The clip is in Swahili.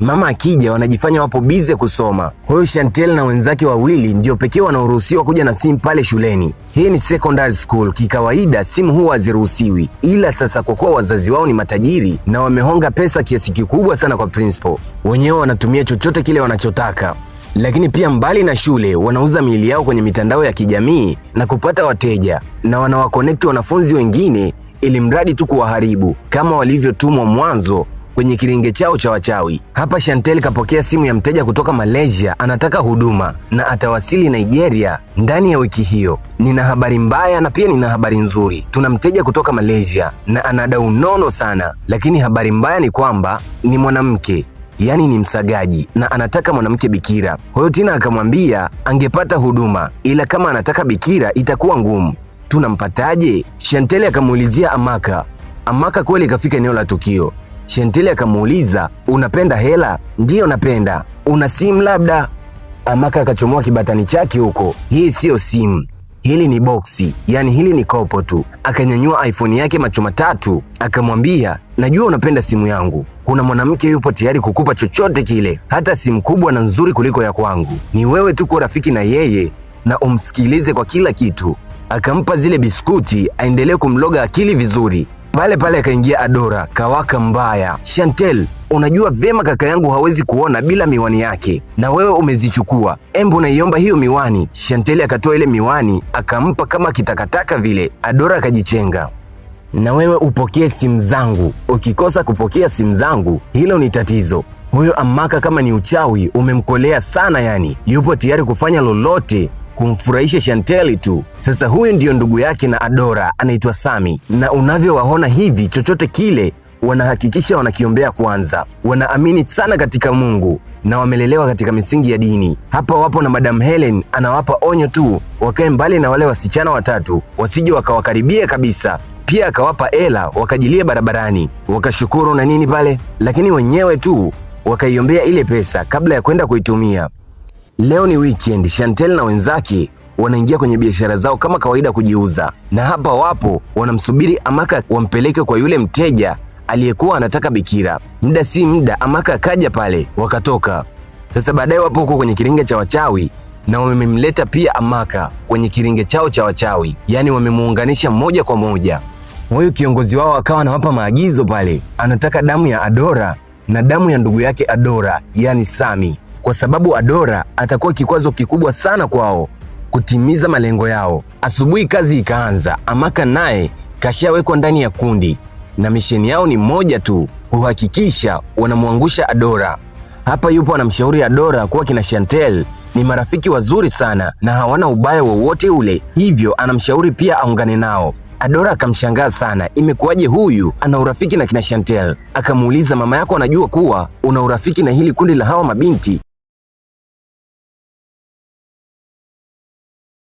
Mama akija wanajifanya wapo bize kusoma. Kwa hiyo Chantel na wenzake wawili ndio pekee wanaoruhusiwa kuja na simu pale shuleni. Hii ni secondary school, kikawaida simu huwa haziruhusiwi, ila sasa kwa kuwa wazazi wao ni matajiri na wamehonga pesa kiasi kikubwa sana kwa principal, wenyewe wanatumia chochote kile wanachotaka. Lakini pia mbali na shule, wanauza miili yao kwenye mitandao ya kijamii na kupata wateja, na wanawakonekti wanafunzi wengine ili mradi tu kuwaharibu kama walivyotumwa mwanzo kwenye kilinge chao cha wachawi. Hapa Chantel kapokea simu ya mteja kutoka Malaysia, anataka huduma na atawasili Nigeria ndani ya wiki hiyo. Nina habari mbaya na pia nina habari nzuri. Tuna mteja kutoka Malaysia na ana dau nono sana, lakini habari mbaya ni kwamba ni mwanamke yaani ni msagaji na anataka mwanamke bikira. Kwa Tina akamwambia angepata huduma, ila kama anataka bikira itakuwa ngumu. Tunampataje? Shanteli akamuulizia Amaka. Amaka kweli ikafika eneo la tukio. Shentile akamuuliza unapenda hela? Ndiyo napenda. Una simu labda? Amaka akachomoa kibatani chake huko, hii siyo simu, hili ni boksi, yaani hili ni kopo tu. Akanyanyua iPhone yake macho matatu, akamwambia najua unapenda simu yangu, kuna mwanamke yupo tayari kukupa chochote kile, hata simu kubwa na nzuri kuliko ya kwangu. Ni wewe tu kuwa rafiki na yeye na umsikilize kwa kila kitu. Akampa zile biskuti aendelee kumloga akili vizuri. Pale pale akaingia Adora, kawaka mbaya. Chantel, unajua vyema kaka yangu hawezi kuona bila miwani yake, na wewe umezichukua. Embu naiomba hiyo miwani. Chantel akatoa ile miwani akampa kama kitakataka vile. Adora akajichenga na wewe upokee simu zangu. Ukikosa kupokea simu zangu, hilo ni tatizo. Huyo Amaka kama ni uchawi umemkolea sana, yani yupo tayari kufanya lolote kumfurahisha Shanteli tu. Sasa huyu ndiyo ndugu yake na Adora anaitwa Sami, na unavyowaona hivi, chochote kile wanahakikisha wanakiombea kwanza. Wanaamini sana katika Mungu na wamelelewa katika misingi ya dini. Hapa wapo na Madam Helen anawapa onyo tu, wakae mbali na wale wasichana watatu wasije wakawakaribia kabisa. Pia akawapa ela wakajilia barabarani, wakashukuru na nini pale, lakini wenyewe tu wakaiombea ile pesa kabla ya kwenda kuitumia. Leo ni weekend, Chantel na wenzake wanaingia kwenye biashara zao kama kawaida kujiuza, na hapa wapo wanamsubiri Amaka wampeleke kwa yule mteja aliyekuwa anataka bikira. Muda si muda, Amaka akaja pale, wakatoka. Sasa baadaye wapo huko kwenye kiringe cha wachawi na wamemleta pia Amaka kwenye kiringe chao cha wachawi, yaani wamemuunganisha moja kwa moja. Huyu kiongozi wao akawa anawapa maagizo pale, anataka damu ya Adora na damu ya ndugu yake Adora, yaani Sami kwa sababu Adora atakuwa kikwazo kikubwa sana kwao kutimiza malengo yao. Asubuhi kazi ikaanza. Amaka naye kashawekwa ndani ya kundi na misheni yao ni moja tu, kuhakikisha wanamwangusha Adora. Hapa yupo anamshauri Adora kuwa kina Chantel ni marafiki wazuri sana na hawana ubaya wowote ule, hivyo anamshauri pia aungane nao. Adora akamshangaa sana, imekuwaje huyu ana urafiki na kina Chantel? Akamuuliza, mama yako anajua kuwa una urafiki na hili kundi la hawa mabinti?